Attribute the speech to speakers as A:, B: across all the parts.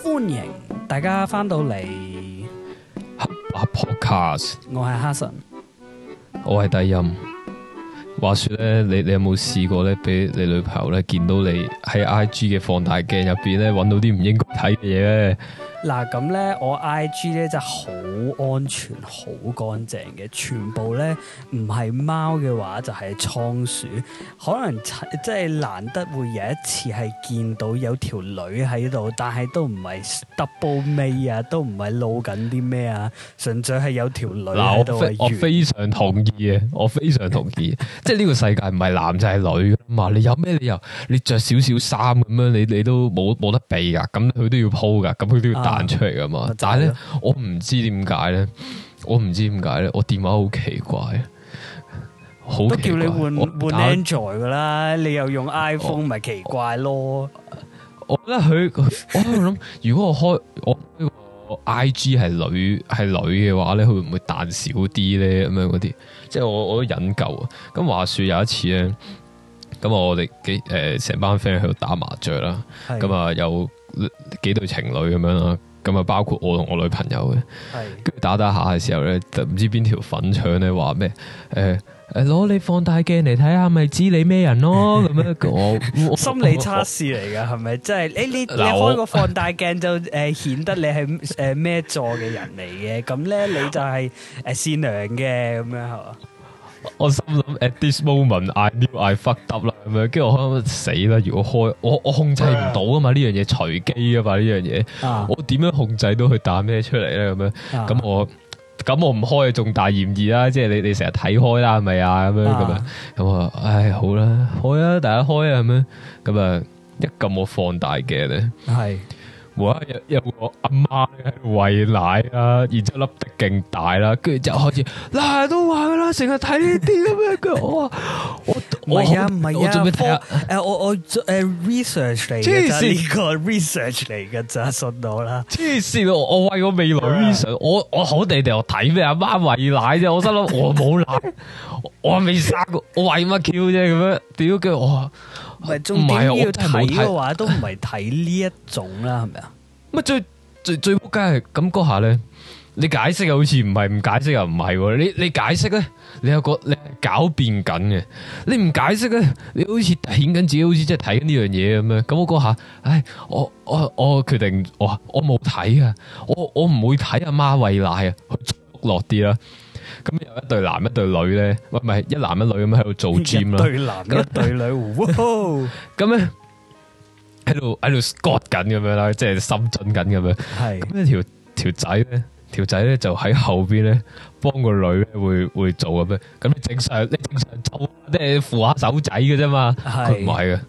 A: .歡迎大家翻到嚟。a p p 我係哈神，
B: 我係低音。話說咧，你你有冇試過咧，俾你女朋友咧見到你喺 I G 嘅放大鏡入邊咧，揾到啲唔應該睇嘅嘢咧？
A: 嗱，啊，咁咧我 I G 咧就好。好安全、好乾淨嘅，全部咧唔係貓嘅話，就係倉鼠，可能即係難得會有一次係見到有條女喺度，但係都唔係 double 尾啊，都唔係露緊啲咩啊，純粹係有條女。嗱，我我非
B: 常同意啊，我非常同意，同意 即係呢個世界唔係男就係、是、女啊嘛，你有咩理由？你着少少衫咁樣，你你都冇冇得避啊？咁佢都要鋪 o 噶，咁佢都要彈出嚟噶嘛？但係咧，我唔知點解。解咧，我唔知點解咧，我電話好奇怪，好都叫你換換我 Android
A: 噶啦，我你又用 iPhone 咪我奇怪咯？
B: 我覺得佢，我喺度諗，如果我開我，我 IG 係女係女嘅話咧，佢會唔會彈少啲咧？咁樣嗰啲，即係我我都研究啊。咁話說有一次咧，咁我哋幾誒成、呃、班 friend 喺度打麻雀啦，咁啊的有幾對情侶咁樣啦。咁啊，包括我同我女朋友嘅，打打下嘅時候咧，就唔知邊條粉腸咧話咩，誒誒，攞你放大鏡嚟睇下，咪知你咩人咯，咁樣講心理測
A: 試嚟噶，係咪？即係你你你開個放大鏡就誒顯得你係誒咩座嘅人嚟嘅，咁咧你就係誒善良嘅，咁樣係嘛？
B: 我心諗 At this moment I knew I fucked up 啦，咁樣，跟住我諗死啦！如果開我我控制唔到啊嘛，呢樣嘢隨機啊嘛，呢樣嘢，uh, 我點樣控制到佢打咩出嚟咧？咁樣，咁、uh, 我咁我唔開仲大嫌疑啦，即係你你成日睇開啦，係咪啊？咁樣咁啊、uh,，唉，好啦，開啊，大家開啊，咁樣，咁啊，一撳我放大鏡咧，係、uh,。冇啊！有有我阿媽喺度餵奶啦，然之後粒得勁大啦，跟住就開始，
A: 嗱都話㗎啦，成日睇呢啲咁樣嘅我，我我而家唔係啊，誒、啊、我我做誒、啊、research 嚟即就呢個 research 嚟嘅咋，信到
B: 啦！黐線，我我為我未來 research，我我好地地我睇咩阿媽餵奶啫，我心諗我冇奶我，我未生過，我餵乜 Q 啫咁樣，屌嘅我。唔係中意要睇嘅話，都
A: 唔係睇呢一
B: 種啦，係咪啊？乜最最最扑街係咁嗰下咧？你解釋又好似唔係，唔解釋又唔係，你你解釋咧，你又覺你狡辯緊嘅，你唔解釋咧，你好似顯緊自己好似即係睇緊呢樣嘢咁樣。咁嗰下，唉，我我我決定我我冇睇啊，我我唔會睇阿媽喂奶啊，去落啲啦。咁有一對男一對女咧，喂唔係一男一女咁喺度做 gym 啦，對男一對女，咁咧喺度喺度 squat 緊咁樣啦，即係深蹲緊咁樣，係咁呢條條仔咧條仔咧就喺後邊咧幫個女咧會會做咁樣，咁你正常你正常做即係扶下手仔嘅啫嘛，係唔係嘅？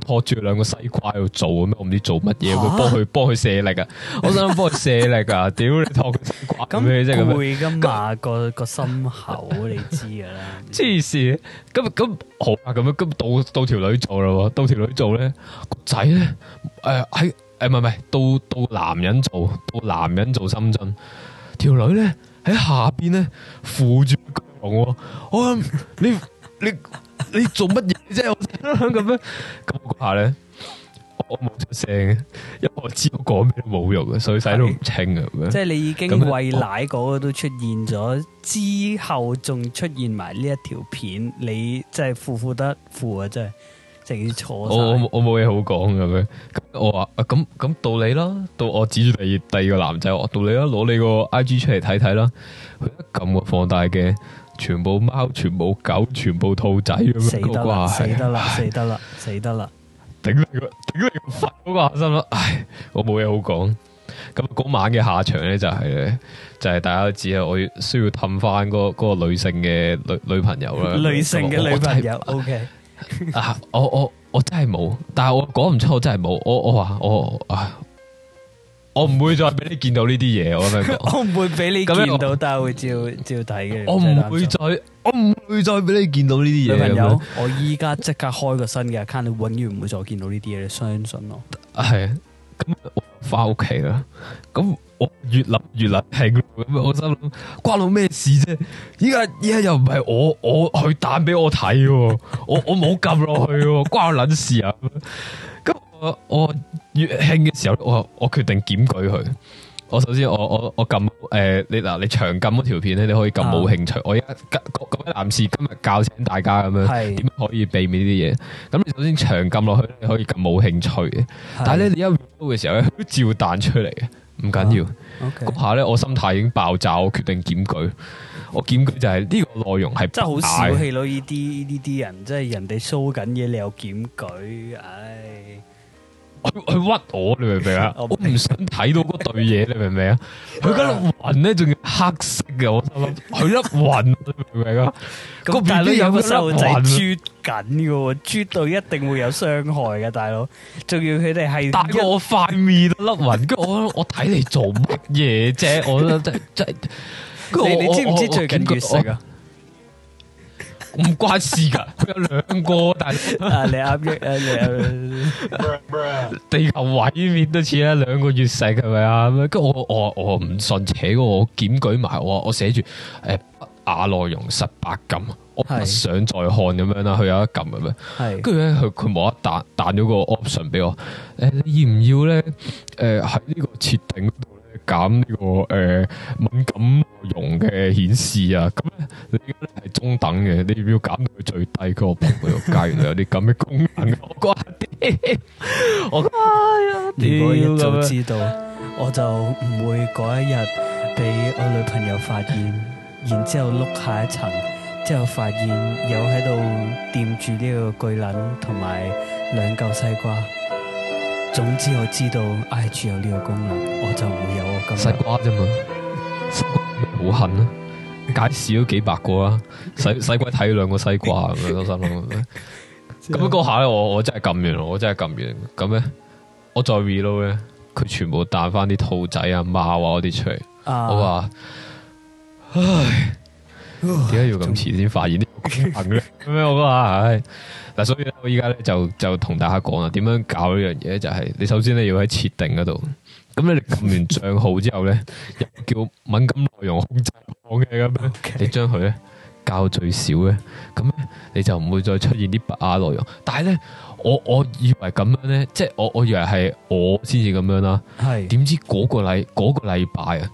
B: 拖住兩個西瓜喺度做咩？我唔知做乜嘢，佢幫佢幫佢卸力啊！我想幫佢卸力啊！屌你拖個西瓜咁咩？即係咁樣會咁啊？個個心口你知噶啦，黐線咁咁好啊？咁樣咁到到條女做咯，到條女做咧，個仔咧誒喺誒唔係唔係到到男人做，到男人做深圳，條女咧喺下邊咧扶住我，我你你。 你做乜嘢啫？我咁咩？咁下咧，我冇出聲，因為我知道講咩冇用嘅，所以洗都唔清嘅。 樣即係你已經餵奶
A: 嗰個都出現咗， 之後仲出現埋呢一條片，你真係負負得負啊！真係正要錯晒。我
B: 我冇嘢好講嘅咩？我話咁咁道理啦，到我指住第二第二個男仔，我道理啦，攞你個 I G 出嚟睇睇啦，佢一撳放大鏡。全部貓、全部狗、全部兔仔咁樣了個關係了唉，死得
A: 啦，死得啦，死得啦，
B: 頂你個，頂你個肺，好嗰個下啦，唉，我冇嘢好講。咁、那、嗰、個、晚嘅下場咧就係、是，就係、是、大家都知啊，我需要氹翻嗰嗰個女性嘅女女朋友啦，女性嘅女朋友。嗯、o okay . K，啊，我我我真係冇，但係我講唔出，我真係冇，我我話我啊。我我我我我我我唔會再俾你見到呢啲嘢，我明唔 我唔會俾你見到，我但係會照照睇嘅。我唔會再，我唔會再俾你見到呢啲嘢。朋友，是是我
A: 依家即刻開個新嘅 account，你永遠唔會再見到呢啲嘢，你相信我。
B: 係啊，咁翻屋企啦。咁我越諗越撚㷫，咁我心諗，關我咩事啫？依家依家又唔係我我去彈俾我睇，我我冇撳落去，關我撚事啊！我我越興嘅時候，我我決定檢舉佢。我首先我我我撳誒，你嗱你長撳嗰條片咧，你可以撳冇興趣。我而家各位男士今日教醒大家咁樣，點可以避免呢啲嘢？咁你首先長撳落去，你可以撳冇興趣。但係咧，你一 show 嘅時候咧，都照彈出嚟嘅，唔緊要。嗰下咧，我心態已經爆炸，我決定檢舉。我檢舉就係呢個內容係真係好小氣
A: 咯。呢啲呢啲人，即係人哋 show 緊嘢，你又檢舉，唉。佢
B: 屈我，你明唔明啊？我唔想睇到嗰對嘢，你明唔明啊？佢嗰粒雲咧，仲要黑色嘅，我心諗佢粒雲，你明唔明啊？咁大佬有個細路仔捉
A: 緊噶， 捉到一定會有傷害嘅，大佬。仲要佢哋係打我
B: 塊面都甩雲，咁我我睇你做乜嘢啫？我真真我你，你你知唔知最緊要食啊我？唔 關事噶，佢 有兩個，但係你啱嘅，你啱嘅。地球毀滅都似啦，兩個月世係咪啊？咁跟住我，我我唔信，且我檢舉埋我，我寫住誒，呀內容十八禁，我唔想再看咁樣啦。佢有一撳係咪？係跟住咧，佢佢冇一彈彈咗個 option 俾我。誒、欸，你要唔要咧？誒、呃，喺呢個設定。減呢、這個誒、呃、敏感內容嘅顯示啊，咁你而家咧係中等嘅，你要要減到去最低個屏度，加完就有啲咁嘅功能我關。我呀、啊， 我啊、如果我一早知道，
A: 我就唔會嗰一日俾我女朋友發現， 然之後碌下一層，之後發現有喺度掂住呢個巨撚同埋兩嚿西瓜。總之我知道 I G、哎、有呢個功能，我就唔會。今西瓜啫嘛，西瓜好恨
B: 啊！街市都幾百個啊，使使鬼睇兩個西瓜咁樣嗰下咧，我我真係撳完，我真係撳完咁咧，我再 reload 咧，佢全部彈翻啲兔仔啊、貓啊嗰啲出嚟，uh, 我話唉，點解要咁遲先發現個狠狠呢個功能咧？咁 樣我話唉，嗱，所以咧，我依家就就同大家講啊，點樣搞呢樣嘢咧？就係、是、你首先咧要喺設定嗰度。咁 你撳完賬號之後咧，又叫敏感內容控制講嘅咁樣，Okay. 你將佢咧校最少咧，咁你就唔會再出現啲不雅內容。但係咧，我我以為咁樣咧，即係我我以為係我先至咁樣啦。係點知嗰個禮個禮拜啊，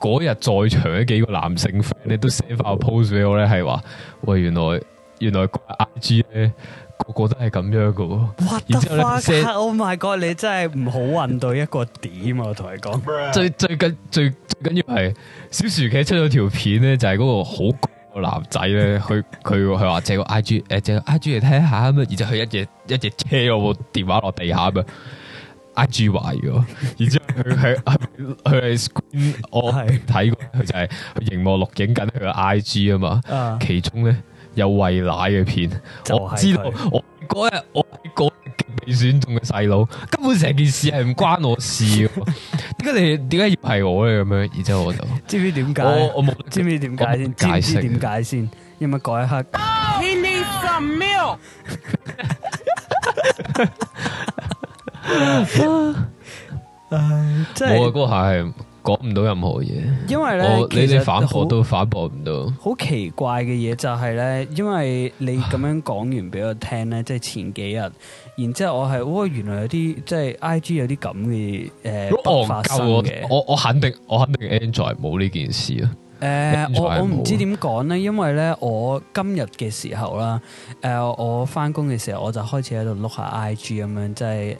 B: 嗰日是、那個、在場嘅幾個男性 friend 咧都寫翻個 post 俾我咧，係話喂，原來原來 I G 咧。個個都係咁樣噶，然之後咧 the s、嗯、
A: ，Oh My God！你真係唔好運到一個點啊，我同你講
B: 最最緊最緊要係小薯茄出咗條片咧，就係嗰個好高個男仔咧，佢佢佢話借個 I G 誒、呃，借個 I G 嚟睇下啊嘛，而佢一嘢一嘢車我部電話落地下啊 I G 壞咗，然之後佢係佢係 screen 我係睇過佢就係佢熒幕錄影緊佢個 I G 啊嘛，其中咧。有餵奶嘅片，我知道我嗰日我個被選中嘅細佬，根本成件事係唔關我事。點解 你點解要係我咧咁樣？然之後我就 知唔知點解？我我冇知唔知點解先？知唔知點解先？因為嗰一刻、
C: oh，He needs a milk。
B: 我個係。講唔到任何嘢，因為咧，
A: 我你哋反駁都
B: 反駁唔到。
A: 好奇怪嘅嘢就係咧，因為你咁樣講完俾我聽咧，即係唉前幾日，然之後我係，哦，原來有啲即係、就是、IG 有啲咁嘅誒，我我
B: 肯定我肯定 Android 冇呢件事啊。誒、呃，我我唔知點
A: 講咧，因為咧我今日嘅時候啦，誒、呃，我返工嘅時候我就開始喺度碌下 IG 咁樣，即係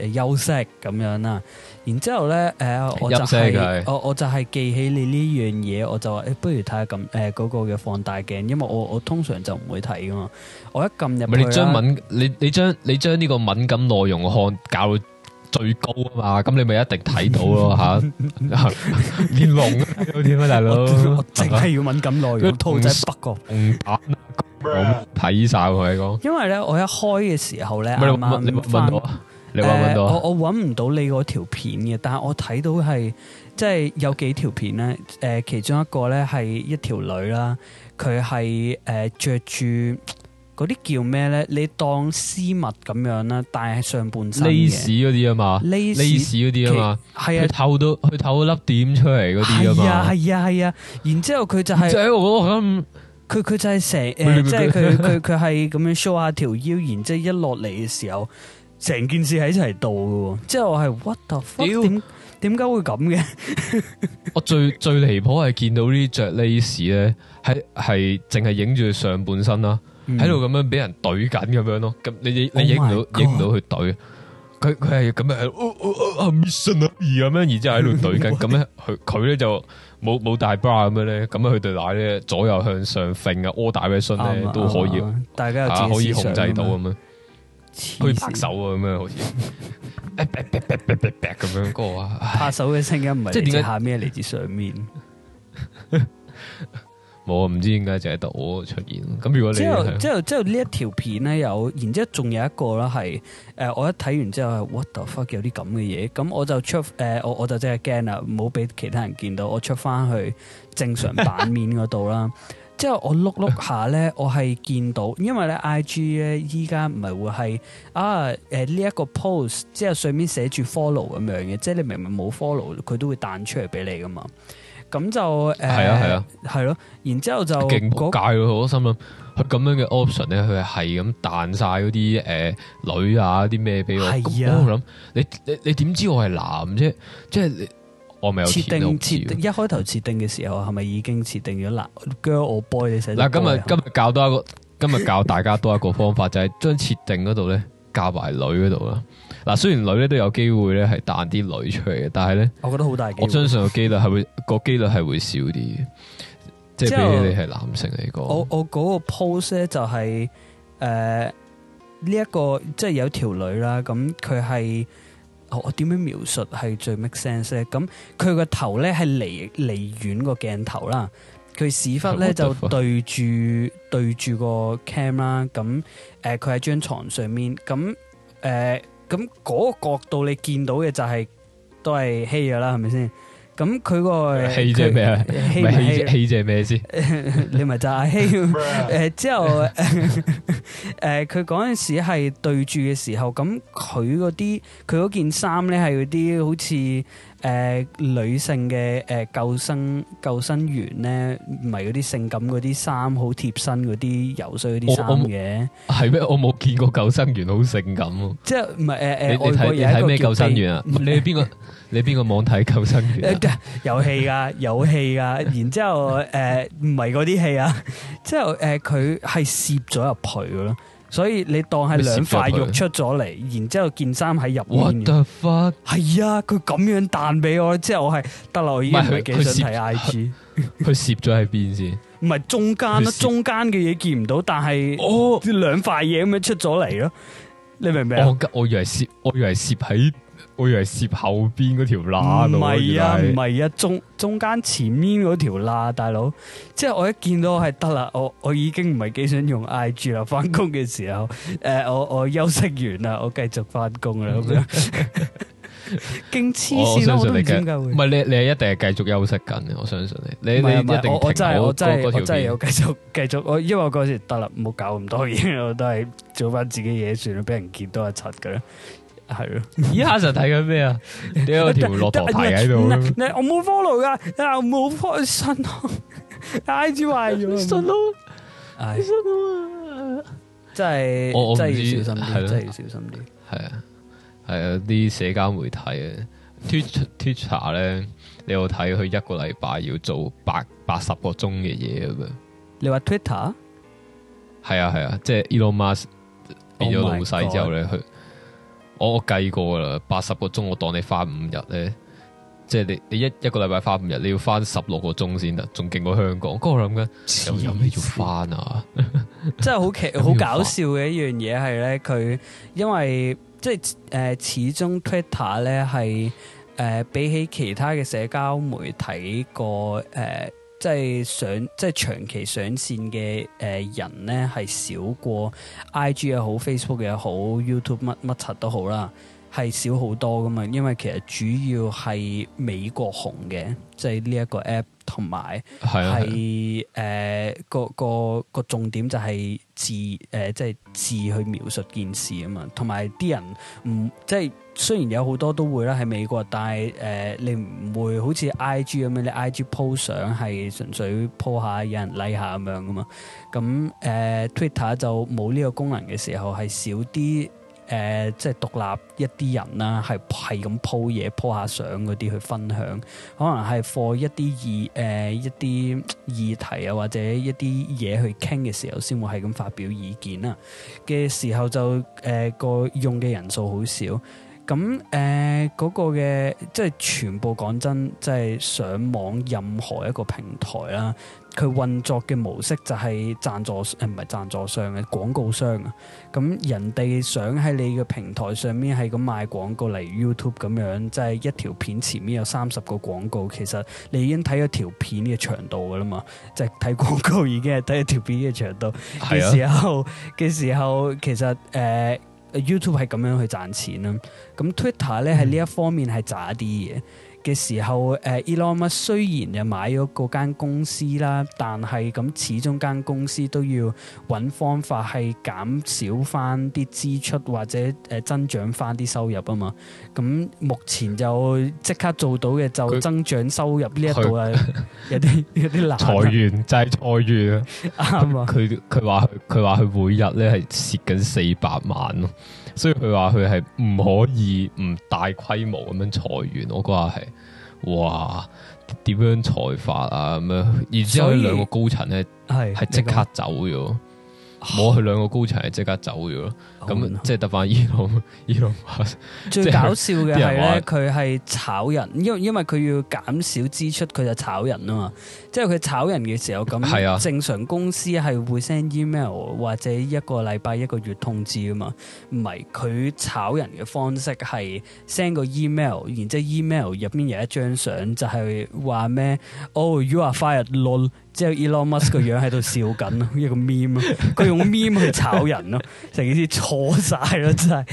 A: 誒休息咁樣啦。然之後咧，誒，我就係我我就係記起你呢樣嘢，我就話誒，不如睇下咁誒嗰個嘅放大鏡，因為我我通常就唔會睇㗎嘛。我一撳入，唔係你將敏，
B: 你你將你將呢個敏感內容看搞。最高啊嘛，咁你咪一定睇到咯吓，連龍點啊大佬，淨係要敏感耐。容，兔仔北角，睇晒佢呢，
A: 因為咧，我一開嘅時候咧，慢到翻。你話搵到？你到呃、我我搵唔到你個條片嘅，但係我睇到係，即係有幾條片咧。誒、呃，其中一個咧係一條女啦，佢係誒着住。嗰啲叫咩咧？你當絲襪咁樣啦，但係上半身 lace 嗰
B: 啲啊嘛，lace 嗰啲啊嘛，係啊，佢透到佢透粒點出嚟嗰啲啊嘛，係啊係
A: 啊係啊，然之後佢就係，即係我諗，佢佢就係成誒，即係佢佢佢係咁樣 show 下條腰，然之後一落嚟嘅時候，成件事喺一齊度嘅，之後我係屈到，點點解會咁嘅？
B: 我最最離譜係見到呢啲着 lace 咧，係係淨係影住佢上半身啦。喺度咁樣俾人懟緊咁樣咯，咁你你影唔到，影唔 apan 到佢懟，佢佢係咁樣，mission 啊咁樣，然之後喺度懟緊，咁咧佢佢咧就冇冇戴 bra 咁樣咧，咁樣佢對奶咧左右向上揈啊，屙大威信咧都可以，大家又可以控制到咁樣，generalized 可以拍手啊咁樣，好似，咁樣嗰個拍手
A: 嘅聲音唔係即係下咩嚟
B: 自上面。 冇唔知點解就喺度出現。咁如果你之後是之後
A: 之後呢一條片咧有，然之後仲有一個啦，係誒我一睇完之後係 what the fuck 有啲咁嘅嘢。咁我就出誒、呃、我我就即係驚啦，唔好俾其他人見到，我出翻去正常版面嗰度啦。 之後我碌碌下咧，我係見到，因為咧 IG 咧依家唔係會係啊誒呢一個 post 即係上面寫住 follow 咁樣嘅，即係你明明冇 follow 佢都會彈出嚟俾你噶嘛。咁就
B: 誒，係啊，係啊，係咯、啊，然之後就勁扑街咯，我心諗，佢咁樣嘅 option 咧，佢係咁彈晒嗰啲誒女啊啲咩俾我，係啊，我諗你你你點知我係男啫？即係我咪有設定，設定，
A: 一開頭設定嘅時候係咪已經設定咗男 girl or boy 你使？嗱今日天 Boy, 今
B: 日教多一個， 今日教大家多一個方法，就係將設定嗰度咧教埋女嗰度啊。嗱，雖然女咧都有機會咧係彈啲女出嚟嘅，但係咧，我覺得好大。我相信個機率係會個機 率係會少啲，即係比你係男性嚟講。我
A: 我嗰個 pose 咧就係誒呢一個即係有條女啦，咁佢係我點樣描述係最 make sense 咧？咁佢個頭咧係離離，離遠個鏡頭啦，佢屎忽咧就對住 對住個 cam 啦，咁誒佢喺張床上面，咁誒。呃呃咁嗰個角度你見到嘅就係、是、都係希噶啦，係咪先？咁佢、個希姐咩啊？希希姐咩先？你咪他就阿希。誒， 之後誒，佢嗰陣時係對住嘅時候，咁佢嗰啲佢嗰件衫咧係嗰啲好似。誒、呃，女性嘅誒、呃、救生救生員咧，唔係嗰啲性感嗰啲衫，好貼身嗰啲游水嗰啲衫嘅，
B: 係咩？我冇、嗯、見過救生員好性感咯，即係唔係誒誒，你睇睇咩救生員啊？呃、你係邊個？呃、你邊個網睇救生員、啊呃遊
A: 戲？有戲噶，有戲噶，然之後誒，唔係嗰啲戲啊，之後誒，佢係攝咗入去咯。所以你當係兩塊肉出咗嚟，然之後件衫喺入面。What the fuck? 係啊，佢咁樣彈俾我，即係我係得嚟已經唔係幾想睇
B: IG。佢攝咗喺邊先？
A: 唔係 中間咯，塞中間嘅嘢見唔到，但係哦，兩塊嘢咁樣出咗嚟咯。你明
B: 唔明？我我以為攝，我以為攝喺。我以為攝後邊嗰條罅，唔係啊，唔係來啊，中中間前面
A: 嗰條罅，大佬，即係我一見到我係得啦，我我已經唔係幾想用 IG 啦，翻工嘅時候，誒、呃，我我休息完啦，我繼續翻工啦咁樣， 勁黐線咯，我都唔知點解會，
B: 唔係，你你係一定係繼續休息緊，我相信你，你、啊、你一定停唔到、啊、我，我真係我真係我真係我有繼
A: 續繼續，我因為我嗰時得啦，唔好搞咁多嘢， 我都係做翻自己嘢算啦，俾人見多一柒噶啦。係咯，而家就睇緊
B: 咩啊？你有條駱駝蹄喺
A: 度？我冇 follow 噶，我冇 follow 咯。I G 話你信咯，你信噶嘛？即係，真係要小心啲，即係、啊、要小心
B: 啲。係啊，係啊，啲、啊、社交媒體啊 t w e Twitter 咧，Tw itch, 你有睇佢一個禮拜要做八八十個鐘嘅嘢咁樣。
A: 你話 Twitter？
B: 係啊，係啊，即係、啊啊就是、Elon Musk 變咗老細、oh、my 之後咧，佢。我我計過啦，八十個鐘我當你返五日咧，即係你你一一個禮拜返五日，你要返十六個鐘先得，仲勁過香港。我咁諗緊，有咩要返啊？
A: 真係好奇 好搞笑嘅一樣嘢係咧，佢因為即係誒、呃，始終 Twitter 咧係誒、呃、比起其他嘅社交媒體個誒。呃即係上，即係、就是、長期上線嘅誒人呢，係少過 IG 又好，Facebook 又好，YouTube 乜乜柒都好啦，係少好多㗎嘛。因為其實主要係美國紅嘅，即係呢一個 app，同埋係誒個個個重點就係字誒，即係字去描述件事啊嘛。同埋啲人唔即係。就是雖然有好多都會啦喺美國，但係誒、呃、你唔會好似 IG 咁樣，你 IG post 相係純粹 post 下有人 like 下咁樣噶嘛。咁誒、呃、Twitter 就冇呢個功能嘅時候，係少啲誒、呃、即係獨立一啲人啦、啊，係係咁 post 嘢 post 下相嗰啲去分享，可能係貨一啲議誒一啲議題啊或者一啲嘢去傾嘅時候，先會係咁發表意見啦、啊。嘅時候就誒個、呃、用嘅人數好少。咁誒嗰個嘅即係全部講真，即係上網任何一個平台啦，佢運作嘅模式就係贊助誒，唔係贊助商，係廣告商啊。咁人哋想喺你嘅平台上面係咁賣廣告，例如 YouTube 咁樣，即係一條片前面有三十個廣告，其實你已經睇咗條片嘅長度㗎喇嘛，即係睇廣告已經係睇咗條片嘅長度嘅是、啊、時候嘅時候，其實誒。呃 YouTube 係咁樣去賺錢啦，咁 Twitter 咧，喺呢一、嗯、方面係渣啲嘅。嘅時候，誒，Elon Musk 雖然又買咗嗰間公司啦，但係咁始終間公司都要揾方法係減少翻啲支出或者誒增長翻啲收入啊嘛。咁目前就即刻做到嘅就增長收入呢一度係有啲有啲難，裁
B: 員就係裁員，啱 啊！佢佢話佢話佢每日咧係蝕緊四百萬咯。所以佢話佢係唔可以唔大規模咁樣裁員，我覺得係，哇，點樣裁法啊咁樣。然之後呢兩個高層咧係即刻走咗，我話佢兩個高層係即刻走咗。唉咁即係特翻伊朗，伊 最搞笑嘅係咧，
A: 佢係 炒人，因為因為佢要減少支出，佢就炒人啊嘛。即係佢炒人嘅時候咁，係啊，正常公司係會 send email 或者一個禮拜一個月通知啊嘛，唔係佢炒人嘅方式係 send 個 email，然之後 email 入邊有一張相，就係話咩哦 you are fired, lol。即係 Elon Musk 個樣喺度笑緊， 一個 meme，e 佢 用 meme e 去炒人咯，成 件事錯晒咯，真係。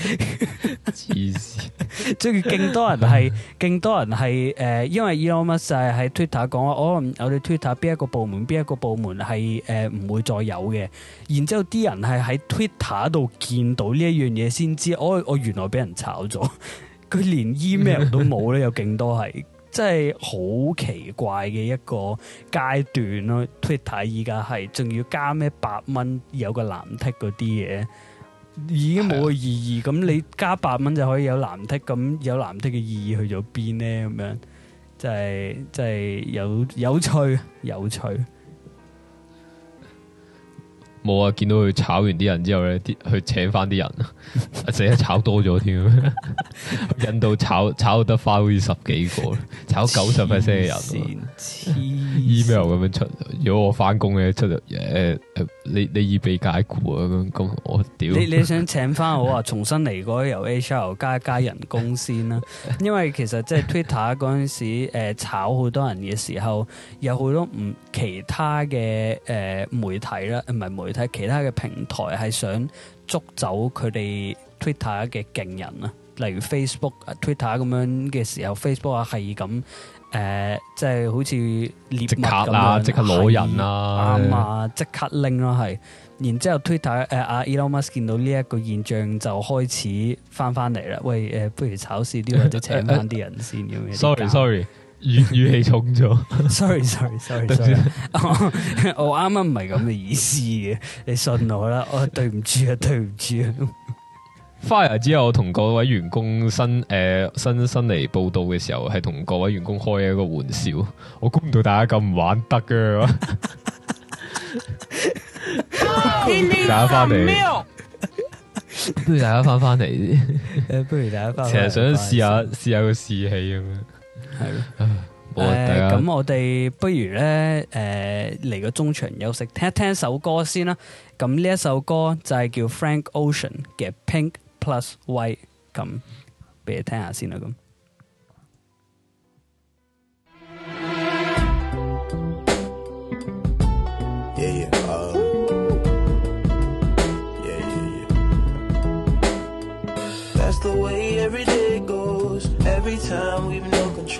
A: 黐 線！仲要勁多人係，勁多人係，誒，因為 Elon Musk 係喺 Twitter 講啊、哦，我我哋 Twitter 邊一個部門，邊一個部門係誒唔會再有嘅。然之後啲人係喺 Twitter 度見到呢一樣嘢，先知，哦，我原來俾人炒咗，佢 連 email 都冇咧，有勁多係。 真係好奇怪嘅一個階段咯，Twitter 依家係仲要加咩百蚊有個藍剔嗰啲嘢，已經冇個意義。咁是的 你加百蚊就可以有藍剔，咁有藍剔嘅意義去咗邊呢？咁樣就係、是、就係、是、有有趣有
B: 趣。有趣。冇啊！見到佢炒完啲人之後咧、啊，啲去請翻啲人 humans, 啊，啊，成日炒多咗添，印度炒炒得翻好似十幾個炒九十 percent 嘅人。黐 email 咁樣出，如果我翻工咧，出誒誒你你已被解僱啊！咁咁我屌。你你
A: 想請翻我啊？重新嚟過，由 HR 加加人工先啦，啊。因為其實即係 Twitter 陣時誒炒好多人嘅時候，有好多唔其他嘅誒媒體啦，呃，唔係媒。睇其他嘅平台係想捉走佢哋 Twitter 嘅勁人啊，例如 Facebook、Twitter 咁樣嘅時候，Facebook 啊係咁誒，即係好似獵物咁樣，即刻攞人啦，啱啊，即刻拎啦，係。然之後 Twitter 誒阿 Elon Musk 見到呢一個現象，就開始翻翻嚟啦。喂誒，不如炒少啲或者請翻啲人先咁樣。Sorry，Sorry。語語氣重咗 sorry, sorry, sorry，我啱啱唔係咁嘅意思嘅，你信我啦，我對唔住啊，對唔住啊
B: ，fire 之後我同各位員工新誒新新嚟報道嘅時候，係同各位員工開一個玩笑，我估唔到大家咁玩得㗎，大
C: 家翻嚟，
B: 不如大家翻翻嚟，
A: 不如大家，翻嚟。其實想
B: 試下試下個士氣咁樣。係，誒，咁我
A: 哋不如咧，誒，嚟個中場休息，聽一聽首歌先啦。咁呢一首歌就係叫 Frank Ocean 嘅 Pink Plus White，咁，俾你聽下先啦，咁。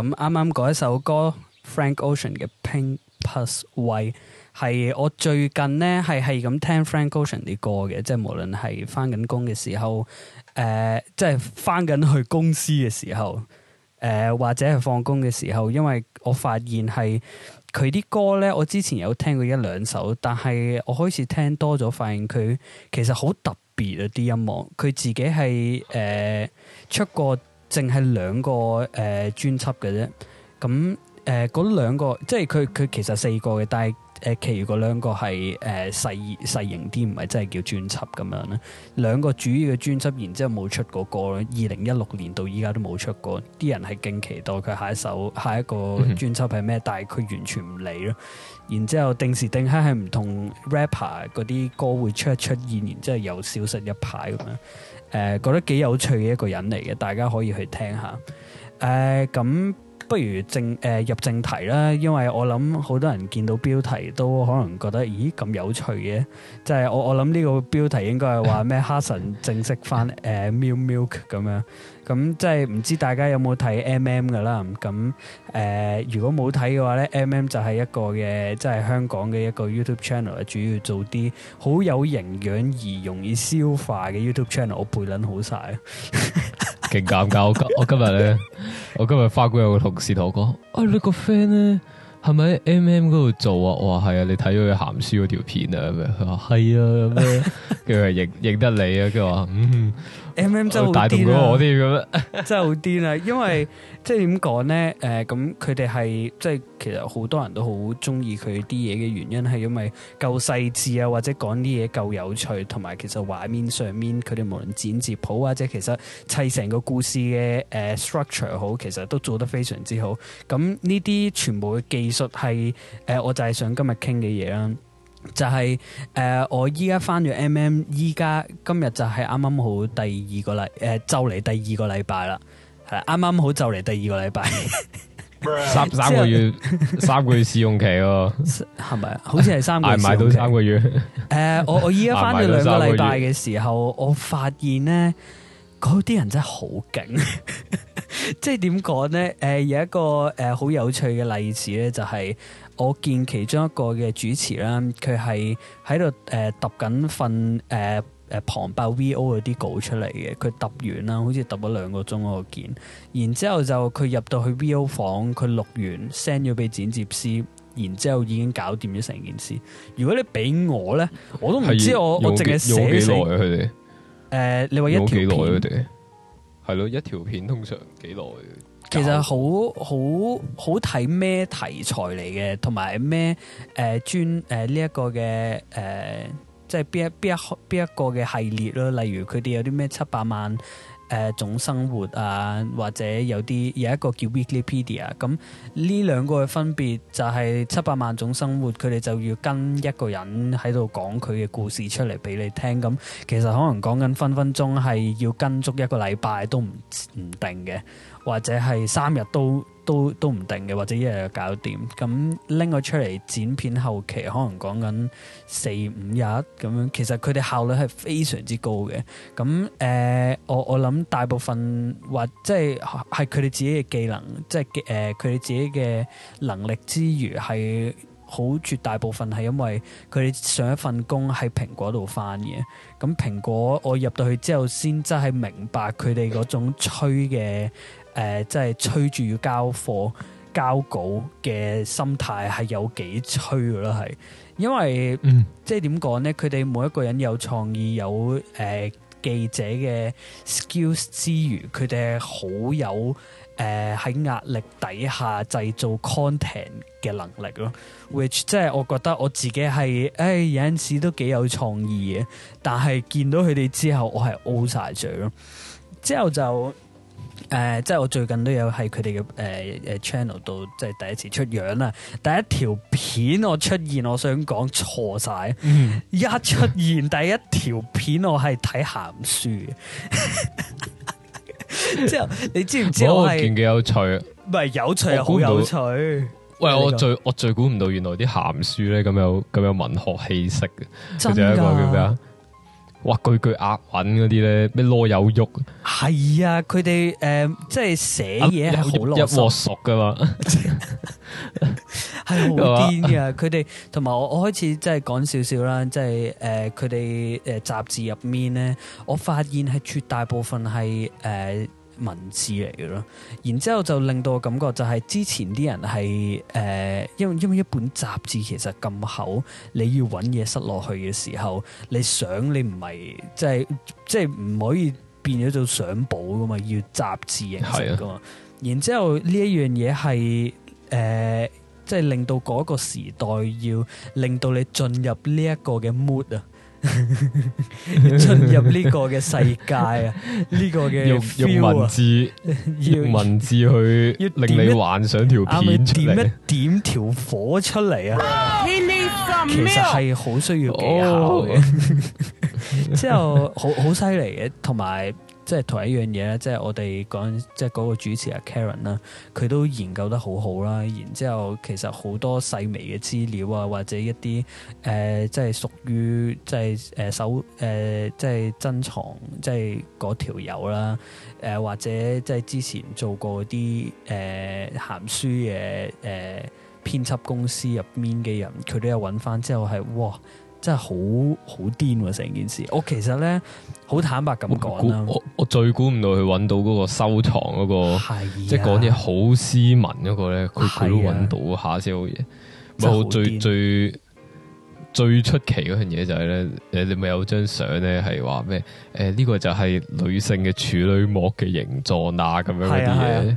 A: 咁啱啱嗰一首歌 Frank Ocean 嘅 Pink Plus White，係我最近咧係係咁聽 Frank Ocean 啲歌嘅，即係無論係翻緊工嘅時候，誒、呃，即係翻緊去公司嘅時候，誒、呃，或者係放工嘅時候，因為我發現係佢啲歌咧，我之前有聽過一兩首，但係我開始聽多咗，發現佢其實好特別啊啲音樂，佢自己係誒、呃、出過。淨係兩個誒、呃、專輯嘅啫，咁誒嗰兩個即係佢佢其實四個嘅，但係。誒，其餘嗰兩個係誒、呃、細，細型啲，唔係真係叫專輯咁樣咧。兩個主要嘅專輯，然之後冇出，出過歌。二零一六年到依家都冇出過。啲人係勁期待佢下一首、下一個專輯係咩，但係佢完全唔理咯。然之後定時定刻係唔同 rapper 嗰啲歌會出一出二，然之後又消失一排咁樣。誒、呃，覺得幾有趣嘅一個人嚟嘅，大家可以去聽下。誒、呃，咁。不如正誒、呃、入正題啦，因為我諗好多人見到標題都可能覺得，咦咁有趣嘅，即係我我諗呢個標題應該係話咩？哈臣正式返誒、呃、Milk Milk 咁樣，咁即係唔知大家有冇睇 M M 嘅啦？咁、嗯、誒、呃，如果冇睇嘅話咧，M M 就係一個嘅，即係香港嘅一個 YouTube channel，主要做啲好有營養而容易消化嘅 YouTube channel，我背撚好晒。
B: 勁尷尬，我今我今日咧，我今日花姑有個同事同我講，啊，你個 friend 咧係咪喺 MM 嗰度做啊？我話係啊，你睇咗佢鹹書嗰條片啊？佢話係啊，佢話、啊、 認認得你啊，佢話嗯。
A: M M 真係好癲，我啲咁樣真係好癲啊！瓜 hey? 因為即係點講咧？誒、呃，咁佢哋係即係其實好多人都好中意佢啲嘢嘅原因係因為夠細緻啊，或者講啲嘢夠有趣，同埋其實畫面上面佢哋無論剪接好或者其實砌成個故事嘅誒 structure 好，啊 cool、too，其實都做得非常之好。咁呢啲全部嘅技術係誒，我就係想今日傾嘅嘢啦。就係、是、誒、呃，我依家返咗 MM，依家今日就係啱啱好第二個禮誒、呃，就嚟第二個禮拜啦，係啱啱好就嚟第二個禮拜。三 三個月，
B: 三個月試用期哦，係咪？好似係三個月。挨埋到三個月。
A: 誒、呃，我我依家返咗兩個禮拜嘅時候，我發現咧，嗰啲人真係好勁。 即係點講咧？誒、呃，有一個誒好有趣嘅例子咧，就係、是。我見其中一個嘅主持啦，佢係喺度誒揼緊份誒誒、呃、旁白 VO 嗰啲稿出嚟嘅，佢揼完啦，好似揼咗兩個鐘嗰件。然之後就佢入到去 VO 房，佢錄完 send 咗俾剪接師，然之後已經搞掂咗成件事。如果你俾我咧，我都唔知我我淨係寫咗。用幾耐佢哋誒，你話一條片，係咯、
B: 啊、一條片通常幾耐？
A: 其實好好好睇咩題材嚟嘅，同埋咩誒專誒呢、呃，這個呃、一個嘅誒，即係邊一邊一邊一個嘅系列咯。例如佢哋有啲咩七百萬誒、呃、種生活啊，或者有啲有一個叫 Wikipedia、嗯。咁呢兩個嘅分別就係七百萬種生活，佢哋就要跟一個人喺度講佢嘅故事出嚟俾你聽。咁、嗯、其實可能講緊分分鐘係要跟足一個禮拜都唔唔定嘅。或者係三日都都都唔定嘅，或者一日搞掂。咁拎我出嚟剪片後期，可能講緊四五日咁樣。其實佢哋效率係非常之高嘅。咁誒、呃，我我諗大部分或即係係佢哋自己嘅技能，即係誒佢哋自己嘅能力之餘，係好絕大部分係因為佢哋上一份工喺蘋果度返嘅。咁蘋果我入到去之後，先真係明白佢哋嗰種吹嘅。誒，即係催住要交貨、交稿嘅心態係有幾催嘅咯，係因為，嗯，即係點講咧？佢哋每一個人有創意、有誒、呃、記者嘅 skills 之餘，佢哋好有誒喺、呃、壓力底下製造 content 嘅能力咯。嗯、Which 即係我覺得我自己係誒、哎、有陣時都幾有創意嘅，但係見到佢哋之後，我係 O 晒嘴咯。之後就。誒、呃，即係我最近都有喺佢哋嘅、誒誒 channel 度，呃呃、即係第一次出樣啦。第一條片我出現，我想講錯晒。嗯、一出現第一條片我係睇鹹
B: 書。
A: 之後你知唔知我係？幾有趣啊，唔係有趣，好有，有趣。喂，我最
B: 我最估唔到，原來啲鹹書咧咁有咁有文學氣息嘅，真噶的。哇！句句押韻嗰啲咧，咩囉有喐？係啊，佢
A: 哋誒，即係寫嘢係好一一鑊熟噶嘛，
B: 係好癲噶。
A: 佢哋同埋我，我開始即係講少少啦，即係誒，佢哋誒雜誌入面咧，我發現係絕大部分係誒。呃文字嚟嘅咯，然之後就令到我感覺就係之前啲人係誒，因為因為一本雜誌其實咁厚，你要揾嘢塞落去嘅時候，你想你唔係即係即係唔可以變咗做相簿噶嘛，要雜誌形式噶嘛，係啊、然之後呢一樣嘢係誒，即係令到嗰個時代要令到你進入呢一個嘅 mood 啊。要進 入呢個嘅世界啊！呢、這個嘅、啊、用，用文字，要 文字去令你幻想條片出嚟點一,點一點
B: 條火出嚟
C: 啊！Oh，其實係
B: 好需要技巧嘅，
A: 之後好好犀利嘅，同埋。即係同一樣嘢咧，即係我哋講，即係嗰個主持阿 Karen 啦，佢都研究得好好啦。然之後其實好多細微嘅資料啊，或者一啲誒、呃，即係屬於即係誒手誒，即係、呃、珍藏，即係嗰條友啦。誒、那個呃、或者即係之前做過啲誒鹹書嘅誒、呃、編輯公司入面嘅人，佢都有揾翻，之後係我係哇。真係好好癲喎！成件事，我其實咧好坦白咁講我我，
B: 我最估唔到佢揾到嗰個收藏嗰個，即係講嘢好斯文嗰個咧，佢佢都揾到下一次好嘢。最最最出奇嗰樣嘢就係咧，誒你咪有張相咧係話咩？誒呢個就係女性嘅處女膜嘅形狀啊咁樣嗰啲嘢。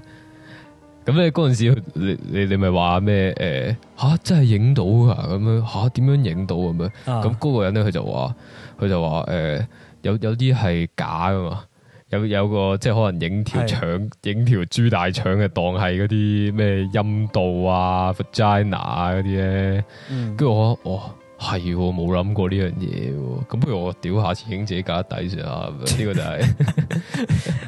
B: 咁咧嗰陣時，你你你咪話咩？誒、欸、嚇、啊，真係影到啊！咁樣吓，點樣影到咁樣？咁嗰個人咧，佢就話佢就話誒、欸，有有啲係假噶嘛，有有，有個即係可能影條腸，影是的 條豬大腸嘅當係嗰啲咩陰道啊、vagina 嗰、啊、啲咧。跟住、嗯、我我。哦係冇諗過呢樣嘢，咁不如我屌，下次影自己架底先啦。呢、呢個就係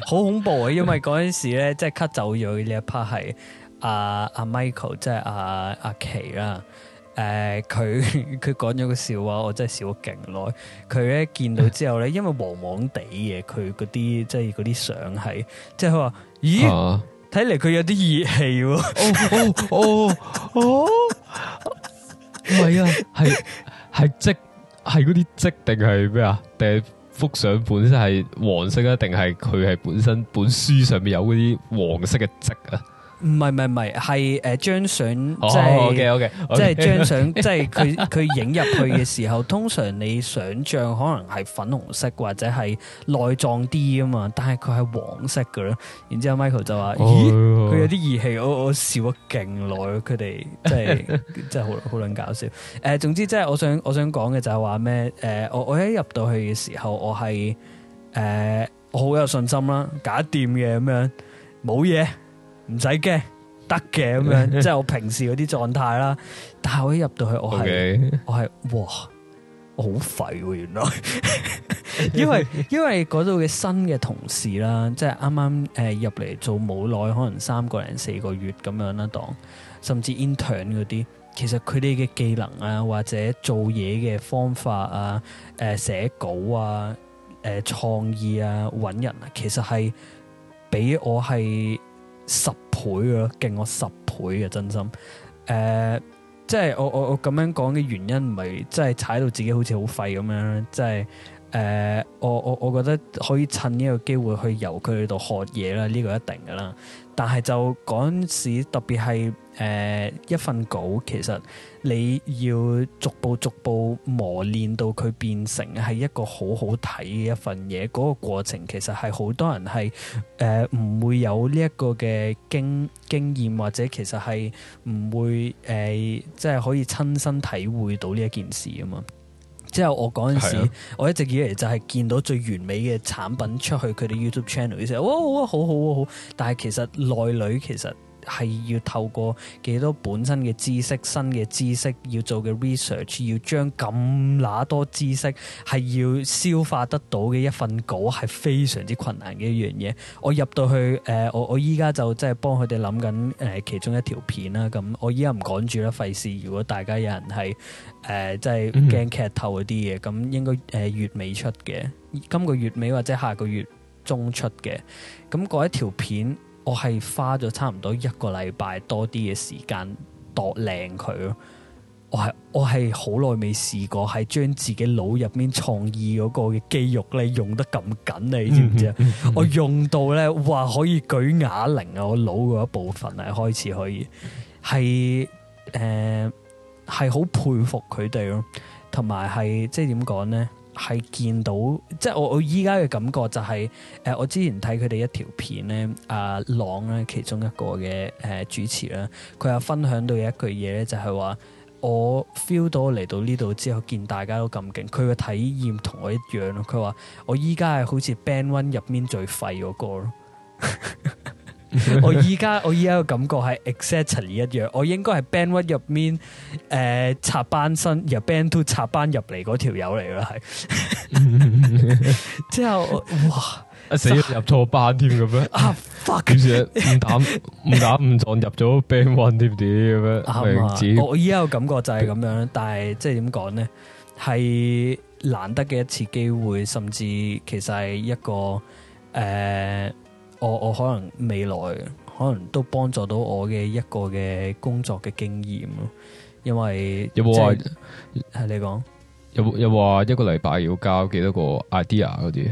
B: 好恐怖啊！
A: 因為嗰陣時咧，即係 cut 走咗呢一 part 係阿阿 Michael，即係阿阿奇啦。誒、啊，佢佢講咗個笑話，我真係笑咗勁耐。佢咧見到之後咧，因為黃黃地嘅佢嗰啲，即係嗰啲相係，
B: 即係佢話咦，睇嚟佢有啲熱氣喎，哦哦。唔係啊，係係跡，係嗰啲跡定係咩啊？定係幅相本身係黃色啊？定係佢係本身本書上面有嗰啲黃色嘅跡啊？
A: 唔係唔係唔係，係誒張相，即係即係張相，即係佢佢影入去嘅時候， 通常你想象可能係粉紅色或者係內臟啲啊嘛，但係佢係黃色嘅咯。然之後 Michael 就話：oh, oh, oh. 咦，佢有啲義氣，我我笑咗勁耐，佢哋即係即係好好撚 搞笑。誒、呃，總之即係我想我想講嘅就係話咩？誒、呃，我我一入到去嘅時候，我係誒、呃、我好有信心啦，搞掂嘅咁樣，冇嘢。唔使驚，得嘅咁樣， 即係我平時嗰啲狀態啦。但係我一入到去，我係 Okay. 我係，哇！我好廢喎，原來、啊 因。因為因為嗰度嘅新嘅同事啦，即係啱啱誒入嚟做冇耐，可能三個零四個月咁樣啦當，甚至 intern 嗰啲，其實佢哋嘅技能啊，或者做嘢嘅方法啊，誒、呃、寫稿啊，誒、呃、創意啊，搵人啊，其實係俾我係。十倍啊，勁我十倍嘅真心。誒、呃，即係我我我咁樣講嘅原因，唔係即係踩到自己好似好廢咁樣。即係誒、呃，我我我覺得可以趁呢個機會去由佢哋度學嘢啦，呢、呢個一定噶啦。但係就陣時，特別係。誒、呃，一份稿其實你要逐步逐步磨練到佢變成係一個好好睇嘅一份嘢，嗰、這個過程其實係好多人係誒唔會有呢一個嘅經經驗，或者其實係唔會誒、呃、即係可以親身體會到呢一件事即啊嘛。之後我嗰陣時我一直以嚟，就係見到最完美嘅產品出去佢哋 YouTube channel，其實哇哇好好好，但係其實內裏其實。係要透過幾多本身嘅知識、新嘅知識，要做嘅 research，要將咁那多知識係要消化得到嘅一份稿，係非常之困難嘅一樣嘢。我入到去誒、呃，我我依家就即係幫佢哋諗緊誒其中一條片啦。咁我依家唔趕住啦，費事。如果大家有人係誒即係驚劇透嗰啲嘢，咁，嗯哼，應該誒月尾出嘅，今個月尾或者下個月中出嘅。咁嗰一條片。我係花咗差唔多一個禮拜多啲嘅時間度靚佢咯，我係我係好耐未試過，係將自己腦入面創意嗰個嘅肌肉咧用得咁緊，你知唔知啊？ 我用到咧，哇，可以舉啞鈴啊！我腦嘅一部分係開始可以，係誒係好佩服佢哋咯，同埋係即係點講咧？係見到，即係我我依家嘅感覺就係、是，誒、呃、我之前睇佢哋一條片咧，阿、啊、朗咧其中一個嘅誒、呃、主持啦，佢有分享到一句嘢咧，就係話我 feel 到我嚟到呢度之後，見大家都咁勁，佢嘅體驗同我一樣咯。佢話我依家係好似 band one 入面最廢嗰個咯。 我依家我依家個感覺係 exactly 一樣，我應該係 band one 入面，誒、呃、插班生，入 band two 插班入嚟嗰條友嚟啦，係 之後我
B: 哇，啊、死了入錯班添咁樣啊 fuck，唔膽誤打誤撞入咗 band one 點點咁樣，我我
A: 依家個感覺就係咁樣， 但係即係點講咧，係難得嘅一次機會，甚至其實係一個誒。呃我我可能未來可能都幫助到我嘅一個嘅工作嘅經驗
B: 咯，因為有冇話係你講？有冇有話一個禮拜要交幾多個 idea 嗰啲、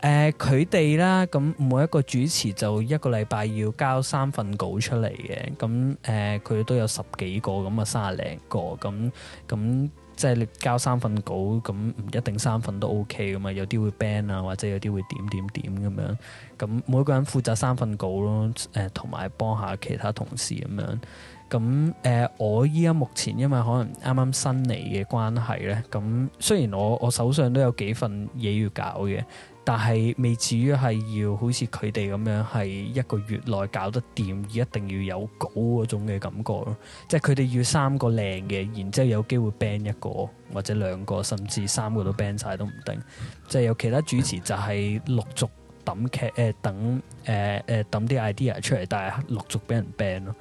B: 呃？
A: 誒，佢哋啦，咁每一個主持就一個禮拜要交三份稿出嚟嘅，咁、嗯、誒，佢、呃、都有十幾個咁啊，三廿零個咁咁。嗯嗯即係你交三份稿，咁唔一定三份都 OK 噶嘛，有啲會 ban 啊，或者有啲會點點點咁樣。咁每個人負責三份稿咯，誒同埋幫下其他同事咁樣。咁誒、呃，我依家目前因為可能啱啱新嚟嘅關係咧，咁雖然我我手上都有幾份嘢要搞嘅。但係未至於係要好似佢哋咁樣，係一個月內搞得掂，而一定要有稿嗰種嘅感覺咯。即係佢哋要三個靚嘅，然之後有機會 ban 一個或者兩個，甚至三個都 ban 晒都唔定。即係有其他主持就係陸續揼劇，誒、呃、等，誒、呃、誒揼啲 idea 出嚟，但係陸續俾人 ban 咯。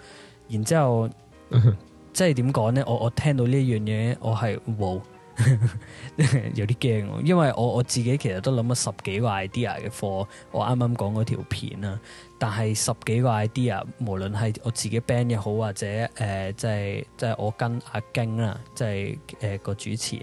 A: 然之後 即係點講呢？我我聽到呢一樣嘢，我係冇。 有啲驚，因為我我自己其實都諗咗十幾個 idea 嘅課，我啱啱講嗰條片啊，但係十幾個 idea，無論係我自己 band 又好，或者誒，即係即係我跟阿京啦，即係誒個主持誒。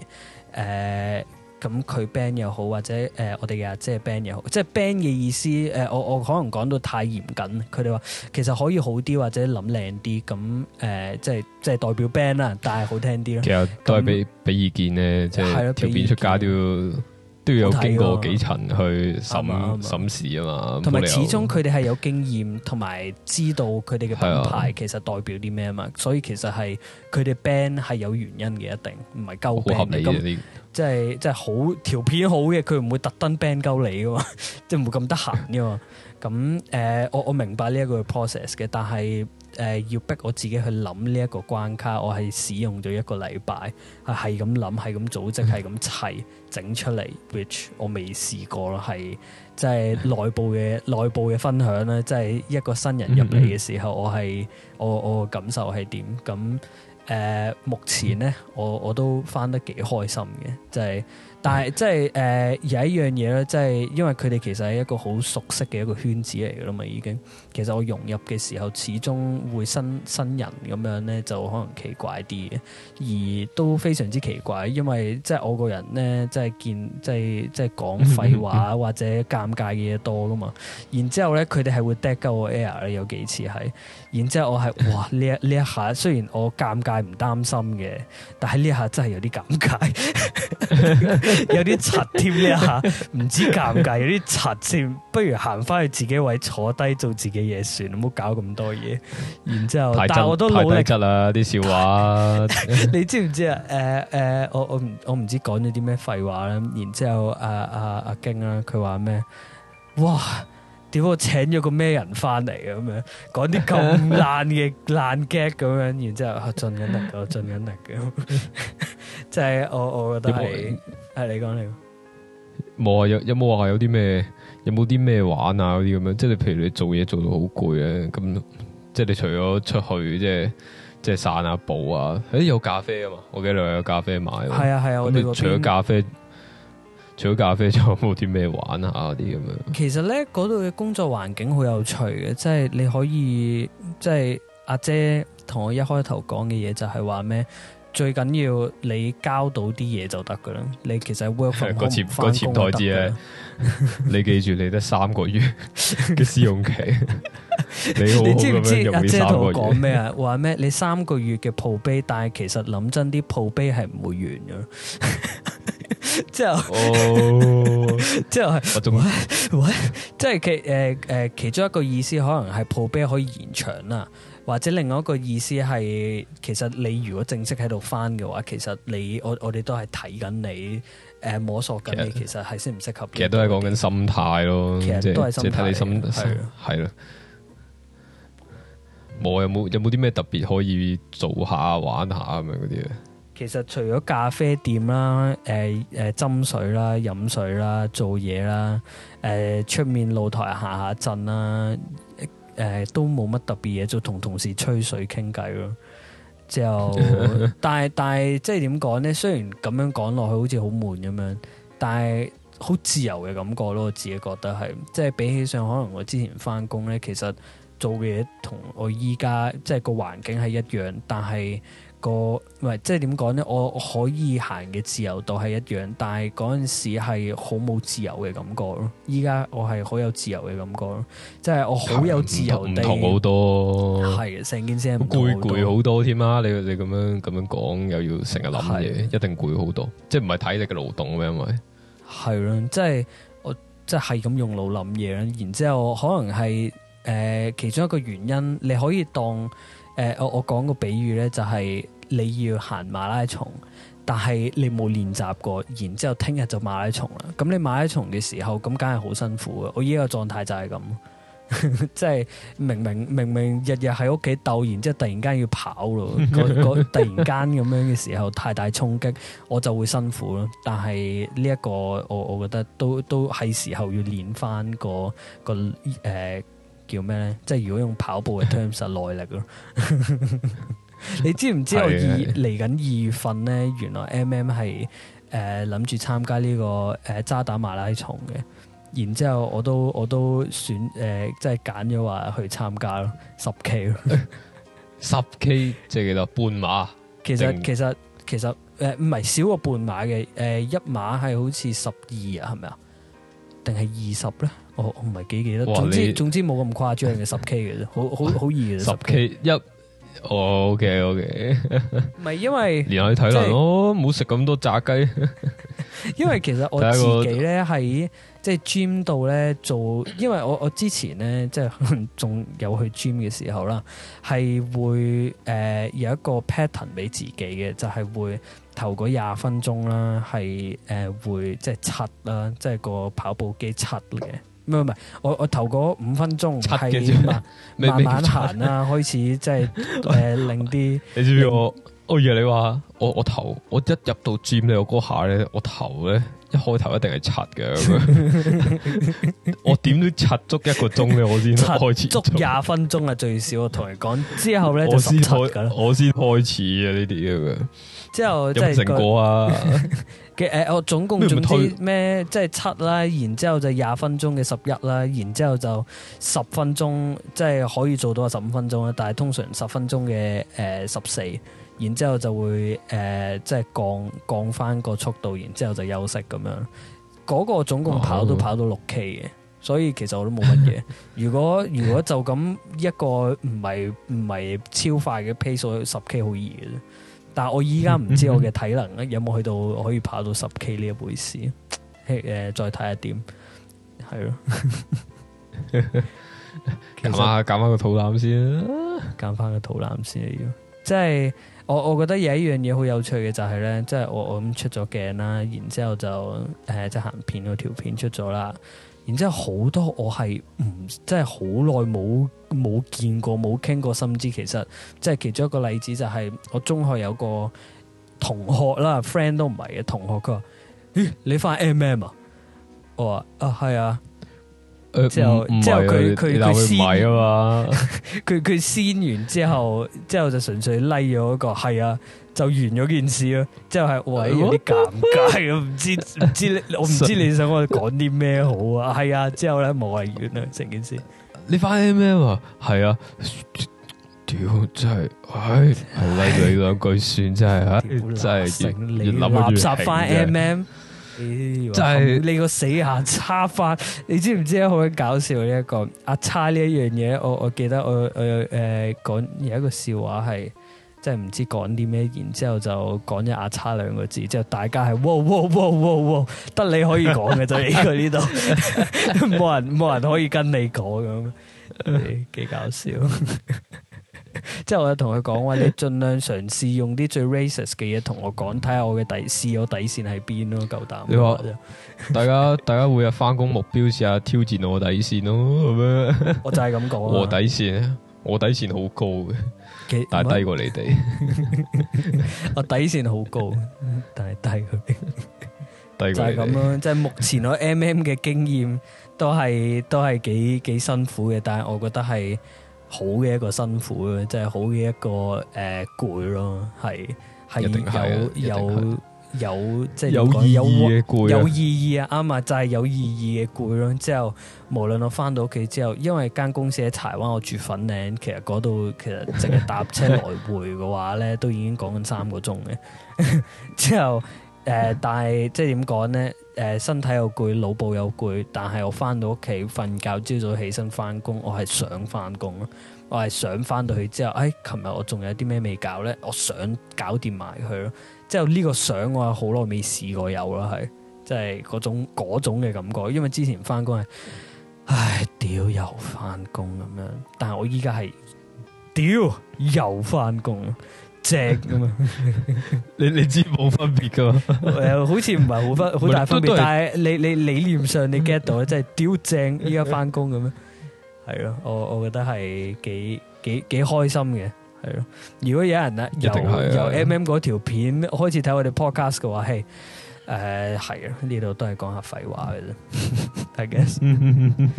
A: 呃.咁佢 ban 又好，或者誒我哋嘅即係 ban 又好，即係 ban 嘅意思誒，我我可能講到太嚴謹，佢哋話其實可以好啲，或者諗靚啲咁誒，即係即係代表 ban 啦，但係好聽啲咯。其實都係俾
B: 俾意見呢，即係條片出街都要都要有經過幾層去審審視啊嘛。同埋始終
A: 佢哋係有經驗，同埋知道佢哋嘅品牌其實代表啲咩啊嘛。所以其實係佢哋 ban 係有原因嘅，一定唔係鳩。好合理。即係即係好條片好嘅，佢唔會特登 ban 鳩你噶嘛，即係唔會咁得閒噶嘛。咁誒，我我明白呢一個 process 嘅，但係誒要逼我自己去諗呢一個關卡，我係使用咗一個禮拜，係咁諗，係咁組織，係咁砌整出嚟，which 我未試過咯，係即係內部嘅內部嘅分享咧，即係一個新人入嚟嘅時候，我係我我感受係點咁。誒、呃、目前咧，我我都返得幾開心嘅，就係，但係即係誒有一樣嘢咧，即係因為佢哋其實係一個好熟悉嘅一個圈子嚟嘅啦嘛，已經其實我融入嘅時候始終會新新人咁樣咧，就可能奇怪啲嘅，而都非常之奇怪，因為即係我個人咧，即係見即係即係講廢話 或者尷尬嘅嘢多啦嘛，然之後咧佢哋係會 dead 勾我 air 啦，有幾次係，然之後我係哇呢一呢一下雖然我尷尬。唔擔心嘅，但係呢下真係有啲尷尬， 尬，有啲柒添呢下，唔知尷尬，有啲柒添，不如行返去自己位坐低做自己嘢算，唔好搞咁多嘢。然
B: 之後，真但係我都好叻真啊啲笑話，
A: 你知唔知？呃呃、知啊？誒、啊、誒，我我我唔知講咗啲咩廢話啦。然之後阿阿阿京啦、啊，佢話咩？哇！點解，我請咗個咩人翻嚟啊？咁樣講啲咁爛嘅 爛 gag 咁樣，然之後盡緊、啊、力嘅，盡緊力嘅，即係我我覺得係，有有你講你
B: 冇啊？有有冇話有啲咩？有冇啲咩玩啊？嗰啲咁樣，即係你譬如你做嘢做到好攰咧，咁即係你除咗出去，即係即係散下步啊？誒、欸，有咖啡啊嘛，我記得你話有咖啡買。係啊係啊，啊不我哋除咗咖啡。除咗咖啡，仲有冇啲咩玩啊？啲咁樣？
A: 其實咧，嗰度嘅工作環境好有趣嘅，即係你可以，即係阿姐同我一開頭講嘅嘢，就係話咩最緊要你交到啲嘢就得噶啦。你其實 work 唔返工得嘅，
B: 你記住你得三個月嘅試用期。你知唔知個個阿姐同我講咩
A: 啊？話咩你三個月嘅鋪碑，但係其實諗真啲鋪碑係唔會完噶。 即係是，oh, 即係是，我 即係其誒誒、呃呃，其中一個意思可能係破啤可以延長啦，或者另外一個意思係，其實你如果正式喺度翻嘅話，其實你我我哋都係睇緊你，誒摸索緊你，其實係適唔適合。其實都係
B: 講緊心態咯，其實都係即係睇你心態係咯了。冇了有冇有冇啲咩特別可以做下、玩下咁樣嗰啲咧？
A: 其實除咗咖啡店啦，誒誒斟水啦、飲水啦、做嘢啦，誒、呃、出面露台下下陣啦，誒、呃、都冇乜特別嘢，就同同事吹水傾偈咯。就 但係但係即係點講咧？雖然咁樣講落去好似好悶咁樣，但係好自由嘅感覺咯。我自己覺得係，即係比起上可能我之前返工咧，其實做嘅嘢同我依家即係個環境係一樣，但係，個唔係即係點講咧？我可以行嘅自由度係一樣，但係嗰陣時係好冇自由嘅感覺咯。依家我係好有自由嘅感覺咯，即係我好有自由。唔、嗯、同好多，係成件事係好攰，
B: 攰好多添啊、嗯！你你咁樣咁樣講，又要成日諗嘢，的一定攰好多。即係唔係體力嘅勞動咩？因為
A: 係咯，即係我即係咁用腦諗嘢。然之後可能係誒、呃、其中一個原因，你可以當誒、呃、我我講個比喻咧、就是，就係。你要行馬拉松，但係你冇練習過，然之後聽日就馬拉松啦。咁你馬拉松嘅時候，咁梗係好辛苦嘅。我依個狀態就係咁，即 係明明明明日日喺屋企抖，然之後突然間要跑咯， 突然間咁樣嘅時候，太大衝擊，我就會辛苦咯。但係呢一個，我我覺得都都係時候要練翻、嗰個、嗰個誒、呃、叫咩咧？即係如果用跑步嘅 terms 嚟，耐力咯。 你知唔知我二嚟緊二月份咧？原來 M M 係誒諗住參加呢、這個誒渣，呃、打馬拉松嘅，然之後我都我都選誒即係揀咗話去參加咯，十 K 咯。十 K 即係幾多？半馬？其實是其實其實誒唔係少過半馬嘅，誒、呃、一馬係好似十二啊，係咪啊？定係二十咧？我唔係幾記得。哇總之你總之冇咁誇張嘅十 K 嘅啫，好好好易嘅。十 K
B: 一。哦，OK，OK，
A: 唔係因為連下體能咯，
B: 唔好食咁多炸雞。
A: 因為其實我自己咧喺即係 gym 度咧做，因為我我之前咧即係可能仲有去 gym 嘅時候啦，係會誒、呃、有一個 pattern 俾自己嘅，就係、是、會頭嗰廿分鐘啦，係誒、呃、會即係、就是、七啦，即係個跑步機七嘅。唔係唔係，我我頭嗰五分鐘係慢慢行啦，開始即係誒，令啲。
B: 你知唔知我？哦，如你話，我我頭我一入到 jam 呢個歌下咧，我頭咧一開頭一定係柒嘅咁樣。我點都柒足一個鐘嘅，我先開始足廿分鐘啊，最少。我同你講之後咧就柒噶我先開始啊呢啲咁樣。
A: 之後即係成果啊。嘅誒，我、呃、總共總之咩，即係七啦，然之後就廿分鐘嘅十一啦，然之後就十分鐘，即、就、係、是、可以做到十五分鐘啦。但係通常十分鐘嘅誒十四，然之後就會誒即係降降翻個速度，然之後就休息咁樣。嗰、那個總共跑都跑到六 K 嘅，哦、所以其實我都冇乜嘢。如果如果就咁一個唔係唔係超快嘅 pace，十 K 好易嘅。但係我依家唔知我嘅體能咧有冇去到 可以跑到十 K 呢一回事？誒，再睇下點，係咯。 其實減翻個肚腩先啦，減翻個肚腩先啊！要，即係我我覺得有一樣嘢好有趣嘅就係咧，即係我我咁出咗鏡啦，然之後就誒即係行片嗰條片出咗啦。然之後好多我係唔即係好耐冇冇見過冇傾過，甚至其實即係其中一個例子就係、是、我中學有個同學啦，friend 都唔係嘅同學，佢、eh? 話、MM：咦你返 MM 啊？我話啊係啊，之、欸、後之、欸、後佢佢佢先啊嘛，佢佢 先完之後之後就純粹 like 咗一個係啊。 就完咗件事咯，之後係我有啲尷尬，唔知唔知你我唔知你想我講啲咩好啊？係隨便 啊，之後咧冇謂成件事。
B: 你返 MM 啊？係啊，屌真係，唉，嚟唉你兩句算真係啊，真係整你垃圾返 MM，, M 真
A: 係是你,你個死下叉翻。就是 你知唔知咧？好鬼搞笑呢、 啊、一個阿叉呢一樣嘢。我我記得我我誒講有一個笑話係。即係唔知講啲咩，然之後就講一「阿叉」兩個字，之後大家係哇哇哇哇得你可以講嘅 就佢呢度，冇 人冇人可以跟你講咁、嗯，幾搞笑。之 後我就同佢講話，你盡量嘗試用啲最 racist 嘅嘢同我講，睇下我嘅底試我底線喺邊咯，夠膽。你話
B: 說 大家大家會有翻工目標試下挑戰我底線咯，我就係咁講啊。我底線。 我底線好高嘅，但低過你哋。
A: 我底線好高，但係低過。 就係咁樣、啊，即係目前我 MM 嘅經驗都係都係幾幾辛苦嘅，但係我覺得係好嘅一個辛苦，即係好嘅一個誒攰咯，係係有有。有即係點講，有攰，有意義啊，啱啊，就係、是、有意義嘅攰咯。之後，無論我翻到屋企之後，因為間公司喺柴灣，我住粉嶺，其實嗰度其實淨係搭車來回嘅話咧， 都已經講緊三個鐘嘅。 之後，誒、呃，但係即係點講咧？誒、呃，身體又攰，腦部又攰，但係我翻到屋企瞓覺，朝早起身翻工，我係想翻工咯。我係想翻到去之後，誒、哎，琴日我仲有啲咩未搞咧？我想搞掂埋佢咯。之後，呢個相我係好耐未試過有啦，係即係嗰種嗰種嘅感覺。因為之前翻工係，唉，屌又翻工咁樣，但係我依家係屌又翻工正咁樣
B: 你你知冇分別噶？誒， 好似唔係好分好大分別，是但係你是你，
A: 你理念上你 get 到即係屌正依家翻工咁樣，係咯， 我我覺得係幾幾幾，幾開心嘅。係咯，如果有人咧由由 MM 嗰條片、嗯、開始睇我哋 podcast 嘅話，誒，係、呃、啊，呢度都係講下廢話嘅啫 ，I guess。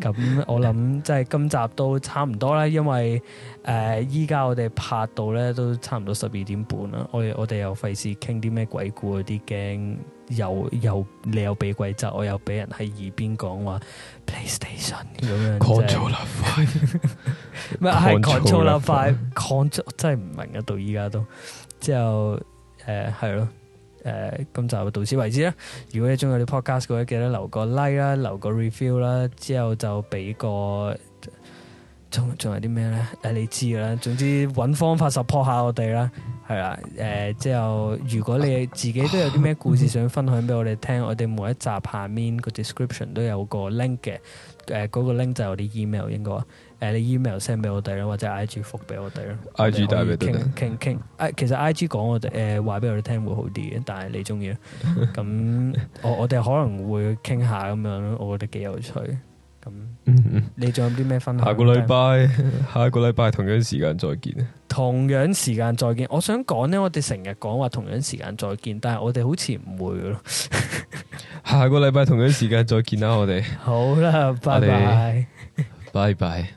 A: 咁 我諗即係今集都差唔多啦，因為誒依家我哋拍到咧都差唔多十二點半啦，我我哋又費事傾啲咩鬼故嗰啲驚，又又你又俾鬼窒，我又俾人喺耳邊講話 PlayStation 咁樣 control 快，唔係真係唔明啊！到依家都之後誒係咯。誒，咁就、呃、到此為止啦。如果你中意啲 podcast 嘅話，記得留個 like 啦，留個 review 啦，之後就俾個，仲仲有啲咩咧？誒、啊，你知㗎啦。總之搵方法 support 下我哋啦，係啦。誒、呃，之後如果你自己都有啲咩故事想分享俾我哋聽，我哋每一集下面個 description 都有個 link 嘅。誒、呃，嗰、那個 link 就我啲 email 應該。誒，你 email send 俾我哋啦，或者 I G 覆俾我哋啦余。I G 大家傾傾傾，其實 I G 講我哋誒話俾我哋聽會好啲嘅，但係你中意啦。咁 我我哋可能會傾下咁樣咯，我覺得幾有趣。
B: 咁，
A: 你仲有啲咩分享？下個禮
B: 拜，下個禮拜同一樣時間再見。
A: 同樣時間再見。我想講呢，我哋成日講話同樣時間再見，但係我哋好似唔會咯。
B: 下個禮拜同樣時間再見啦，我哋。好啦，拜拜。拜拜。